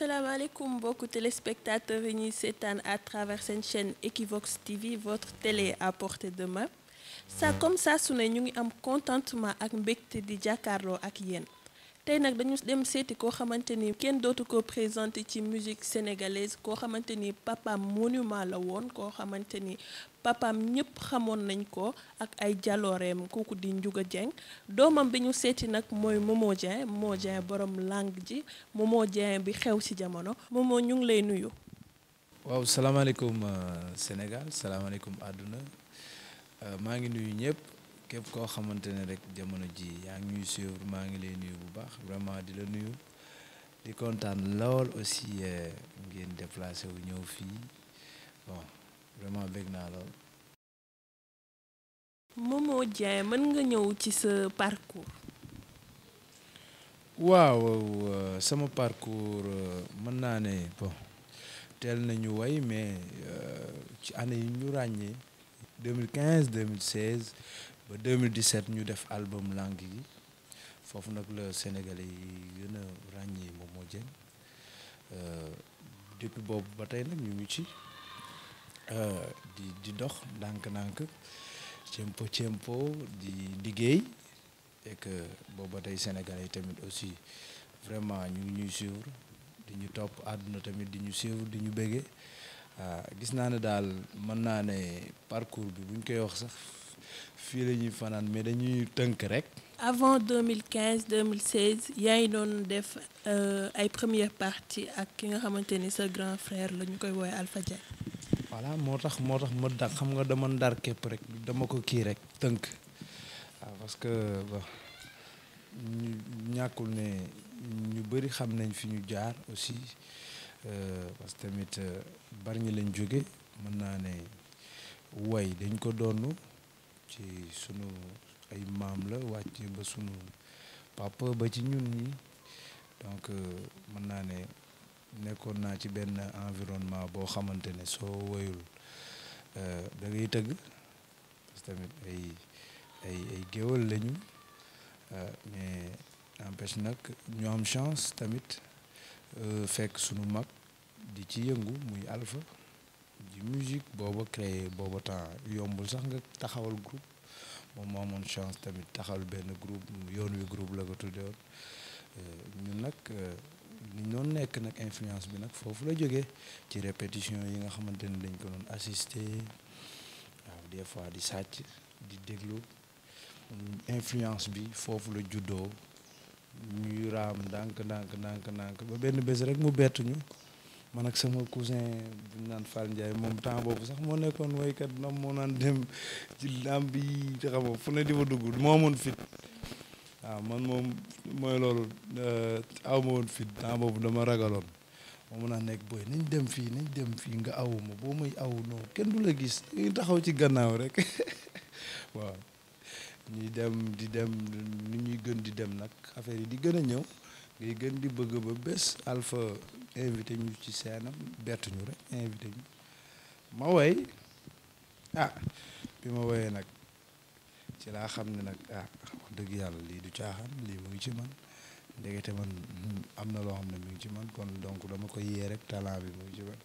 asalaamaaleykum mbokku téléspectateurs yi ñuy seetaan à travers seen chaîne Equivox TV votre télé à portée de main ça comme ça su ne ñu ngi am contentement ak mbégte di jàkkaarloo ak yéen. tey nag dañu dem seeti koo xamante ni kenn dootu ko présenté ci musique sénégalaise koo xamante ni papaam monument la woon koo xamante ni papam ñëpp xamoon nañ ko ak ay jalooreem kooku di Ndiouga Dieng doomam bi ñu seeti nag mooy Momo Dieng Momo Dieng borom langue ji Momo Dieng bi xew ci jamono Momo ñu ngi lay nuyu. waaw salaamaaleykum euh, Sénégal salaamaaleykum àdduna euh, maa ngi nuyu ñëpp. képp koo xamante ne rek jamono ji yaa ngi ñuy suivre maa ngi lay nuyu bu baax vraiment di la nuyu di kontaan lool aussi eh, ngeen déplacé wu ñëw fii bon vraiment bég naa lool. Momo Dieng mën nga ñëw ci sa parcours. waaw euh, sama parcours euh, mën naa ne bon nañu way mais euh, ci année yi ñu ràññee 2015 ba 2017 ñu def album langue yi foofu nag la sénégalais yi gën a ràññee Momo Dieng euh, depuis boobu ba tey nag ñu ngi ci euh, di di dox ndànk-ndànk cempo cempo di liggéey et que boobu ba tey sénégalais yi tamit aussi vraiment ñu ngi ñuy suivre di ñu topp àdduna tamit di ñu suivre di ñu bëggee euh, gis naa ne daal mën naa ne parcours bi buñ koy wax sax. fii la ñuy fanaan mais dañuy tënk rek. avant 2015 2016 yaa ngi doon def euh, ay première partie ak ki nga xamante ni sa grand frère la ñu koy woowee Alpha Dieng. moo tax moo tax ma da xam nga dama ndar képp rek dama ko kii rek tënk waaw ah, parce que bon ñu ñàkkul ne ñu bëri xam nañ fi ñu jaar aussi euh, parce que tamit euh, bari ñu lañ jóge mën naa ne way dañ ko doon. ci sunu ay maam la wàcc ba sunu papa ba ci ñun ñi donc euh, mën naa ne nekkoon naa ci benn environnement boo xamante ne soo woyul euh, da ngay tëgg tamit ay ay ay géwal lañu euh, mais n'empêche nag ñoo am chance tamit fekk sunu mag di ci yëngu muy alpha musique booba créé booba temps yombul sax nga taxawal groupe moom moo amoon chance tamit taxawal benn group yoon wi groupe la ko tuddewoon euh, ñun nag euh, li ñu doon nekk nag influence bi nag foofu la jóge ci répétition yi nga xamante ne dañ ko doon assister waaw des fois di sàcc di déglu influence bi foofu la juddoo ñuy raam ndànk ndànk ndànk ndànk ba benn bés rek mu bettuñu man ak sama cousin bu naan Fall Ndiaye moom temps boobu sax moo nekkoon waykat nam moo naan dem ci làmb yi ci xam fu ne di fa dugg moo amoon fit waaw man moom mooy loolu euh, aw ma woon fit temps boobu dama ragaloon moo mun a nekk booy nañ dem fii nañ dem fii nga awuma boo may aw non kenn du la gis dañuy taxaw ci gannaaw rek waaw ñuy dem di dem ni ñuy gën di dem nag affaire yi di gën a ñëw ngay gën di bëgg ba bés alfa invité ñu ci seenam bettu ñu rek invité ñu ma woy ah bi ma woyee nag ci laa xam ne nag ah wax dëgg yàlla lii du caaxaan lii mu ngi ci man ndegete man am na loo xam ne mu ngi ci man kon donc dama ko yee rek talent bi muy ngi ci man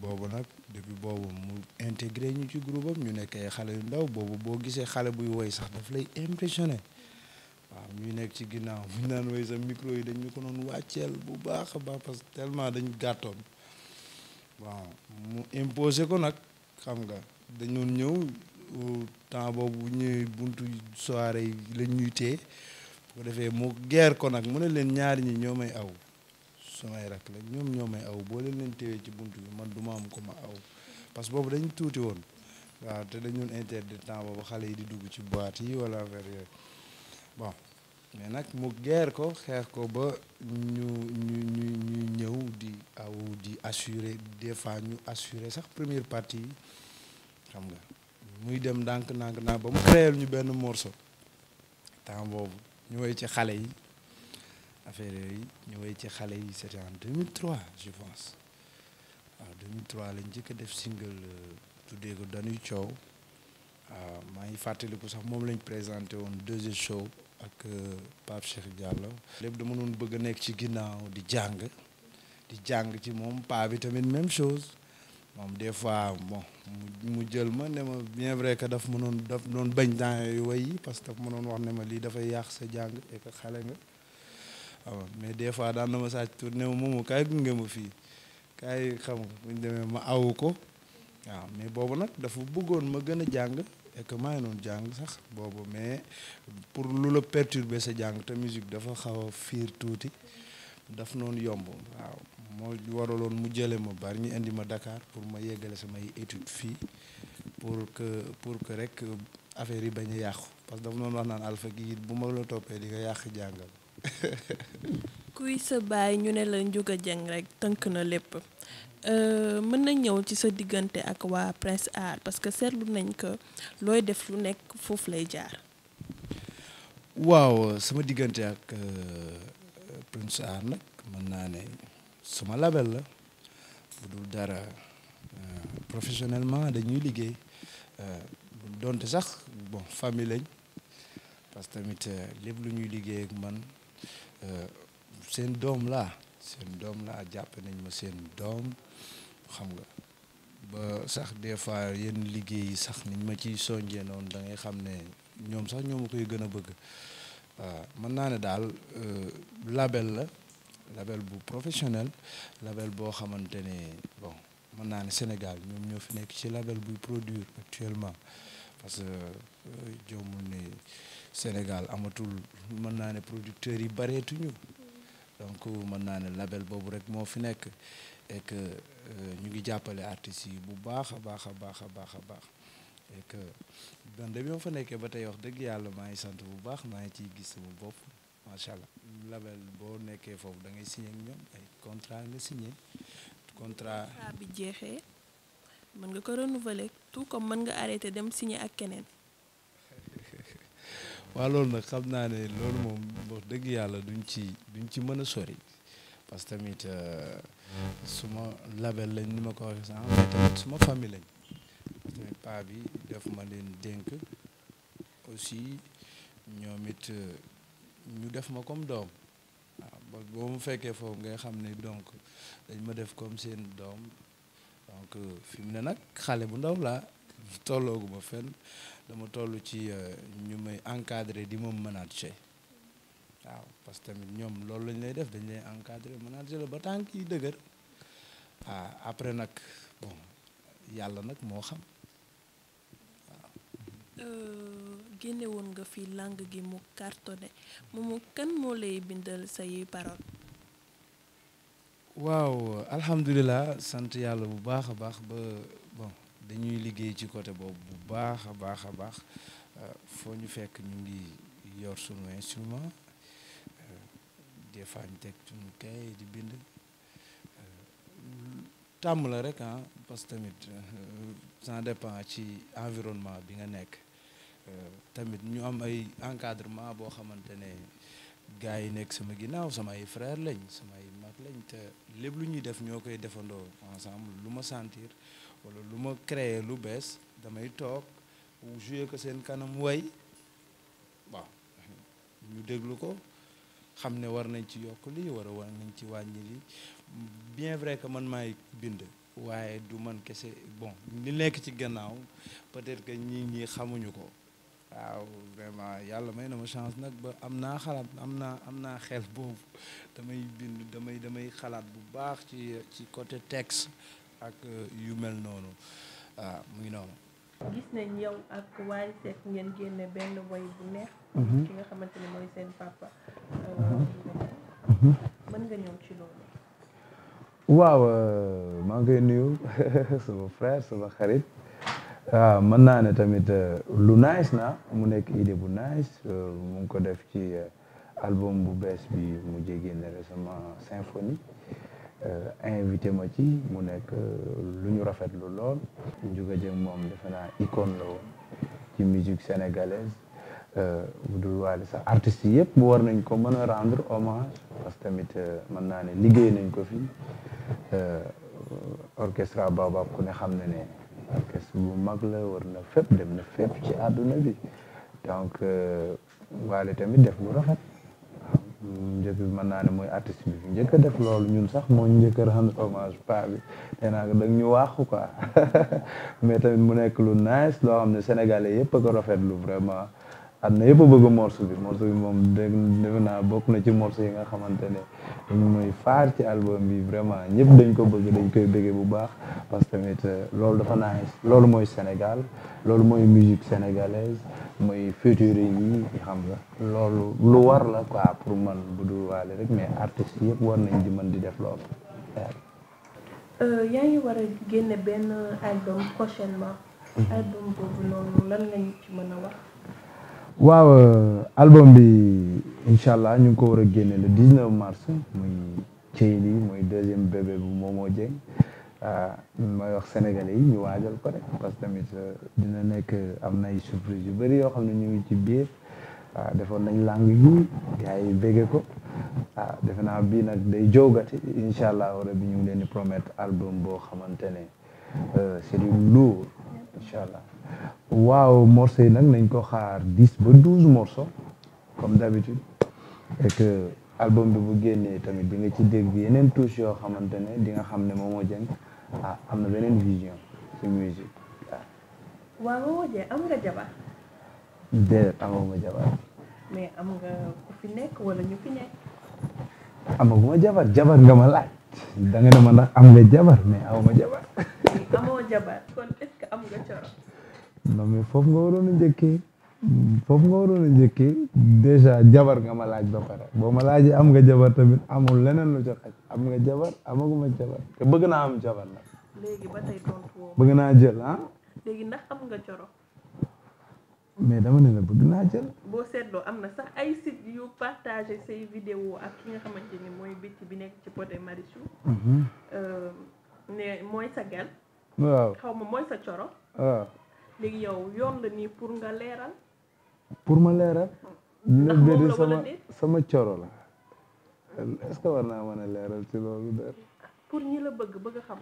boobu nag depuis boobu mu intégré ñu ci group am ñu nekkee ay xale yu ndaw boobu boo gisee xale buy woy sax daf lay impressionné waaw ñuy nekk ci ginnaaw bu ñu naan way sa micro yi dañ ñu ko doon wàcceel bu baax a baax parce que tellement dañ gàttoon mu imposé ko nag xam nga dañoon ñëw temps boobu ñëwee buntu soirée yi lañ ñuy téye bu defee mu geer ko nag mu ne leen ñaar ñi ñoo may aw samay rak la ñoom ñoo may aw boo leen leen ci buntu bi man duma am ko ma aw parce que boobu dañ tuuti woon waaw te dañoon interdit temps boobu xale yi di dugg ci boîte yi wala affaire yooyu bon mais nag mu geer ko xeex ko ba ñu ñu ñu ñëw di aw di assurer des fois ñu assurer sax première partie yi xam nga muy dem ndànk ndànk ndànk ba mu créer ñu benn morso temps boobu ñu woy ci xale yi affaire yooyu ñu woy ci xale yi c'était en 2003 je pense waaw 2003 lañ njëkk a def single euh, tuddee ko dañuy coow waaw maa ngi fàttaliku sax moom lañ présenté woon deuxième show ak euh, Pape Cheikh Diallo. lépp dama doon bëgg a nekk ci ginnaaw di jàng di jàng ci moom paa bi tamit même chose moom des fois bon mu jël ma ne ma bien vrai que daf mënoon daf doon bañ temps yooyu way yi parce que mënoon wax ne ma lii dafay yàq sa jàng et xale nga ah mais des fois daan na ma sàcc tourné wu moomu kaay gunge ma fii kaay xam nga bu ñu ma awu ko waaw ah, mais boobu nag dafa bëggoon ma gën a jàng. et que maa ngi doon jàng sax boobu mais pour lu la perturber sa jàng te musique dafa xaw a fiir tuuti daf noonu yomb waaw moo waraloon mu jële ma bari ñu indi ma dakaar pour ma yeggale samay études fii pour que pour que rek affaire yi bañ a yàqu parce que daf noonu wax naan alpha bu ma la toppee di nga yàq jàngal kuy sa baay ñu ne la Ndiouga Dieng rekk tënk na lépp euh, mën na ñëw ci sa diggante ak waa Prince Art parce que seetlu nañ ko looy def lu nekk foofu lay jaar. waaw sama diggante ak euh, Prince Art nag mën naa ne suma label la bu dul dara euh, professionnellement dañuy liggéey donte sax bon famille lañ parce que tamit lépp lu ñuy liggéey ak man. seen doom laa seen doom laa jàpp nañ ma seen doom xam nga ba sax des fois yenn liggéey yi sax niñ ma ci sonjee noonu da ngay xam ne ñoom sax ñoo ma koy gën a bëgg waaw ah, mën naa ne daal euh, label la label bu professionnel label boo xamante ne bon mën naa ne Sénégal ñoom ñoo fi nekk ci label buy produit actuellement parce que euh, jomul ne Sénégal amatul mën naa ne producteurs yi bareetuñu donc mën naa ne label boobu rek moo fi nekk et euh, ñu ngi jàppale artistes yi bu baax a baax a baax a baax a baax et que man fa nekkee ba tey wax dëgg yàlla maa ngi sant bu baax maa ngi ciy gis sama bopp macha allah label boo nekkee foofu da ngay signé ak ñoom ay contrat nga signé contrat bi jeexee mën nga ko renouveler tout comme mën nga arrêté dem signé ak keneen. waa loolu nag xam naa ne loolu moom wax dëgg yàlla duñ ci duñ ci mën a sori parce que tamit euh, suma label lañ ni ma ko waxee sànq mais suma famille lañ bi daf ma leen dénk aussi ñoom it euh, ñu def ma comme doom boo mu fekkee foofu ngay xam ne donc dañ ma def comme seen doom donc euh, fi mu ne nag xale bu ndaw laa tolloogu ma dama toll ci euh, ñu may encadrer di moom mënaat manager waaw parce que tamit ñoom loolu lañ lay def dañ lay encadrer manager la ba tànk yi dëgër ah après nag yàlla nag moo xam euh, génne woon nga fi langue gi mu cartonné moomu kan moo lay bindal say waaw alhamdulilah sant yàlla bu baax a baax ba dañuy liggéey ci côté boobu bu baax a baax a baax euh, foo ñu fekk ñu ngi yor sunu instrument euh, des fois ñu teg suñu kay di bind euh, tàmm la rek ah parce que tamit ça dépend ci environnement bi nga nekk tamit ñu am ay encadrement boo xamante ne gars yi nekk sama ginnaaw samay frère lañ samay mag lañ te lépp lu ñuy def ñoo koy defandoo ensemble lu ma sentir wala lu ma créer lu bees damay toog jouer ko seen kanam way waaw ñu déglu ko xam ne war nañ ci yokk lii war a war nañ ci wàññi lii bien vrai que man maay bind waaye du man kese bon li nekk ci gannaaw peut-être que ñii xamuñu ko waaw vraiment yàlla may na ma chance nag ba am naa xalaat am naa am naa xel boobu damay bind damay damay xalaat bu baax ci ci côté texte ak euh, yu mel noonu ah, mu ngi noonu. gis nañ yow ak Wally Seck ngeen génne benn woy bu neex. Mhm. ki nga xamante ne mooy seen papa. Mhm. Euh, mën nga ñëw ci loolu. waaw euh, maa ngi koy nuyu sama frère sama xarit waaw ah, mën naa ne tamit lu nice na mu nekk idée bu nice mu ngi ko def ci album bu bees bi mu jéggi ne récemment symphonie. Euh, invité ma ci mu nekk euh, lu ñu rafetlu lool Ndiouga jëm moom defe naa icône la woon ci musique sénégalaise euh, bu dul waale sax artistes yi yëpp war nañ ko mën a rendre hommage parce que tamit mën naa ne liggéey nañ ko fi orchestre Baobab ku ne xam ne ne orchestre bu mag la war na fépp dem na fépp ci àdduna bi donc wale tamit def lu rafet njëkk bi mën naa ne mooy artiste bi njëkk a def loolu ñun sax moo njëkkër a rendre hommage pa bi nee naa ko ñu waxu ko mais tamit mu nekk lu nice loo xam ne sénégalais yëpp a ko lu vraiment àdduna yëpp a bëgg morso bi morceau bi moom dégg defe naa bokk na ci morceau yi nga xamante ne mooy faar ci album bi vraiment ñëpp dañ ko bëgg dañ koy bëggee bu baax parce que tamit euh, loolu dafa naa loolu mooy Sénégal loolu mooy musique sénégalaise mooy future yi xam nga loolu lu war la ko pour man bu dul waale rek mais artistes yëpp war nañ di man di def loolu euh, yaa ngi war a génne benn album prochainement mm-hmm. album boobu lan lañ ci mën a wax waaw euh, album bi incha allah ñu ko war a génne le 19 mars muy Thieyly mooy deuxième bébé bu Momo Dieng euh, mooy wax sénégal yi ñu waajal ko rek parce que tamit euh, dina nekk am nay ay surprise yu bëri yoo xam ne ñu ngi ci biir waaw defoon nañ langue yi gars yi ko waaw defe naa bii nag day joogati incha allah rabi ñu ngi leen di promettre album boo xamante ne c'est du lourd allah. waaw morceaux yi nag nañ ko xaar diis ba douze morceaux comme d'habitude et que album bi bu génnee tamit di nga ci dégg yeneen touche yoo xamante ne di nga xam ne Momo Dieng ah am na beneen vision ci musique waaw. waaw Momo Dieng am nga jabar. déedéet jabar. mais am nga ku fi nekk jabar jabar nga ma laaj. da ne ma ndax am nga jabar mais amuma jabar. jabar kon est am nga coro. non mais foofu nga waroon a njëkkee foofu nga waroon a njëkkee déjà jabar nga ma laaj ba pare boo ma laajee am nga jabar tamit amul leneen lu ca xaj am nga jabar amaguma jabar bëgg naa am jabar nag. léegi ba tey tontu woo. bëgg naa jël ah. léegi ndax am nga coro. mais dama ne la bëgg naa jël. boo seetloo am na sax ay site yu partagé say vidéo ak ki nga xamante ni mooy bitti bi nekk ci poté mhm. euh, ne mooy sa gel. waaw xaw ma mooy sa coro. Ah. léegi yow yoon la nii pour nga leeral. pour ma leeral. ndax moom sama sama coro la. est ce que war naa mën a leeral ci loolu de. pour ñi la bëgg bëgg xam.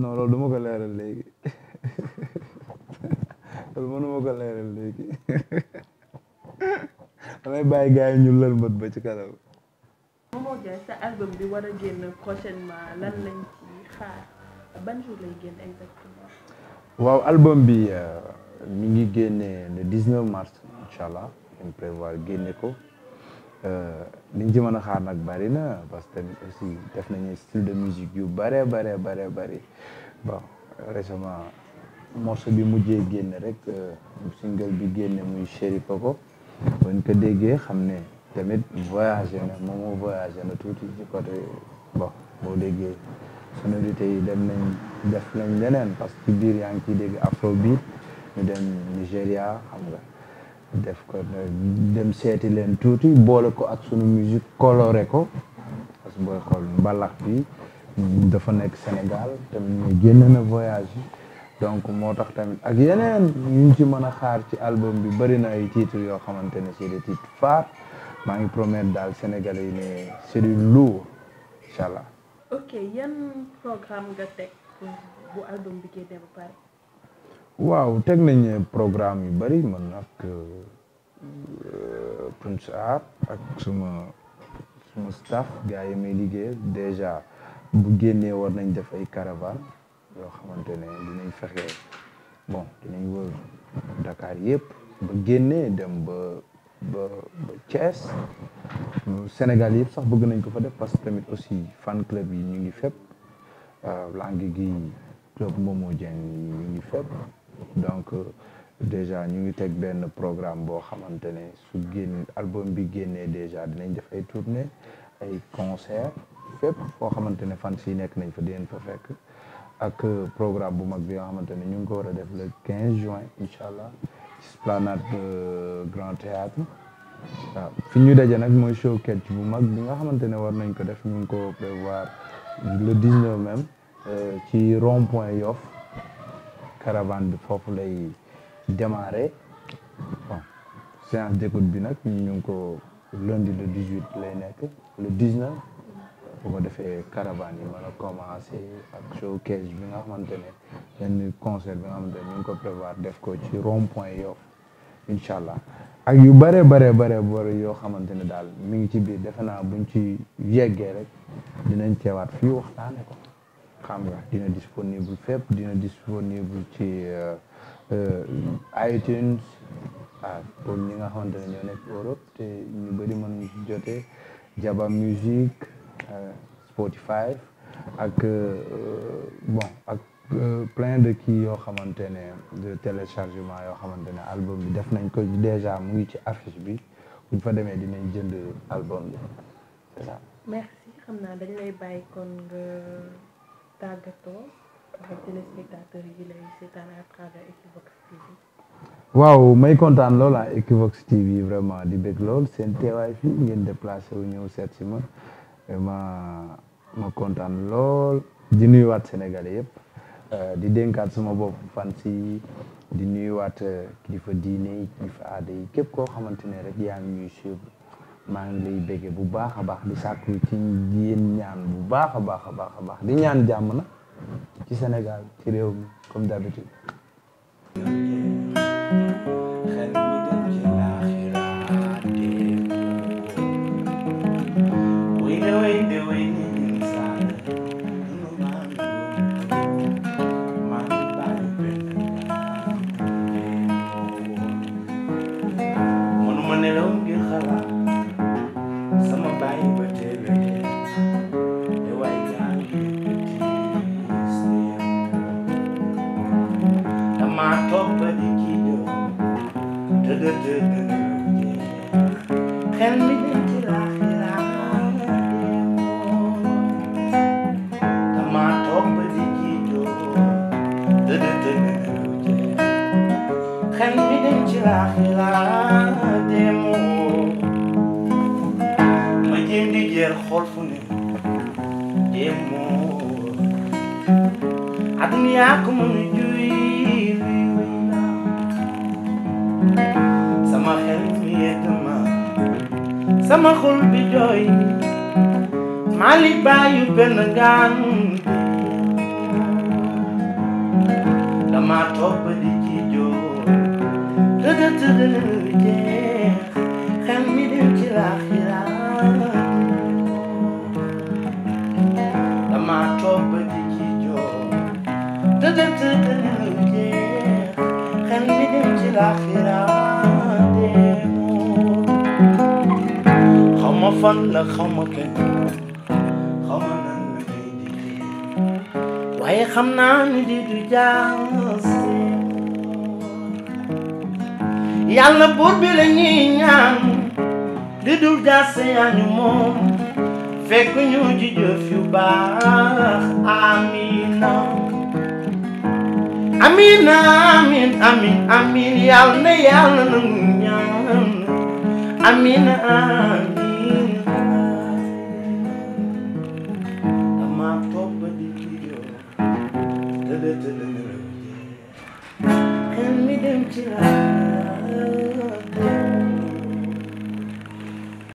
non loolu duma ko leeral léegi loolu mënuma léegi damay bàyyi gars yi ñu lël mbët ba ci kanam. Momo Diagne sa album bi war a génn prochainement lan lañ ci xaar ban jour lay génn exactement. waaw album bi euh, mi ngi génne le 19 mars incha allah ñu prévoir génne ko euh, liñ ci mën a xaar nag bari na parce que tamit aussi def nañu style de musique yu bare bare bare bari bon récemment morceau bi mujjee génn rek euh, single bi génne muy chéri koko bañ ko déggee xam ne tamit voyagé na moom moo voyagé na tuuti ci côté bon boo déggee sonorité yi dem nañ def nañ leneen parce que biir yaa ngi ciy dégg afrobeat ñu dem Nigéria xam nga def ko dem seeti leen tuuti boole ko ak sunu musique coloré ko parce que booy xool mbalax bi dafa nekk Sénégal tamit ñu génn na voyage yi donc moo tax tamit ak yeneen yuñ ci mën a xaar ci album bi bëri na ay titres yoo xamante ne c'est des titres maa ngi promettre daal Sénégalais yi ne c'est du lourd allah yan programme nga teg bu album bi génnee ba pare. waaw teg nañ programme yu bari man ak euh, Prince Art ak suma suma staff gars yi liggéey liggéeyal déjà bu génnee war nañ def ay caravane yoo xamante ne dinañ fexe bon dinañ wër Dakar yëpp ba génnee dem ba ba Sénégal yëpp sax bëgg nañ ko fa def parce que tamit aussi fan club yi ñu ngi fépp euh, langue gi club Momo Dieng ñu ngi fépp donc euh, déjà ñu ngi teg benn programme boo xamante ne su génn album bi génnee déjà dinañ def ay tournée ay concert fépp foo xamante ne fan si nekk nañ fa dinañ fa fekk ak euh, programme bu mag bi nga xamante ne ñu ngi ko war a def le 15 juin incha allah ci esplanade Grand Théâtre waaw fi ñu daje nag mooy show catch bu mag bi nga xamante ne war nañ ko def ñu ngi ko prévoir le 19 même euh, ci rond point Yoff caravane bi foofu lay démarrer bon séance d'écoute bi nag ñu ngi ko lundi le 18 lay nekk le 19 bu ko defee caravane yi mën a commencé ak showcase bi nga xamante ne benn concert bi nga xamante ne ñu ko prévoir def ko ci rond point Yoff incha allah ak yu bare bare bare yoo xamante ne daal mi ngi ci biir defe naa buñ ci yeggee rek dinañ teewaat fii waxtaane ko xam nga dina disponible fépp dina disponible ci euh, euh, iTunes ah pour ñi nga xamante ne ñoo nekk Europe te ñu bëri mën jotee Jaba Music euh, Spotify ak bon ak Euh, plein de kii yoo xamante ne de téléchargement yoo xamante ne album bi def nañ ko déjà mu ngi ci affiche bi buñ fa demee dinañ jënd album bi waaw may kontaan lool ah Equivox TV vraiment di bëgg lool seen teewaay fii ngeen déplacé wu ñëw seet si ma vraiment ma kontaan lool di nuyuwaat Sénégalais yëpp. Euh, di dénkaat sama bopp fan si di nuyuwaat euh, kilifa diine yi kilifa aada yi képp koo xamante ne rek yaa ngi ñuy suivre maa ngi lay béggee bu baax a baax di sàkku ci yéen ñaan bu baax a baax a baax a baax di ñaan jàmm na ci Sénégal ci réew mi comme d'habitude ñàkkum juy sama xel mi yett ma sama xol bi jooy mali bàyyu benn gaanu dama topp di ci joo tëdd tëdd van la xaw kenn xaw ma nan la koy waaye xam naa ni di du jaasi yàlla buur bi la ñuy di du jaasi yaa ñu moom fekk ñu ci yu baax amina amina amin amin amin yàlla na yàlla nangu ñaan amina amin tirar.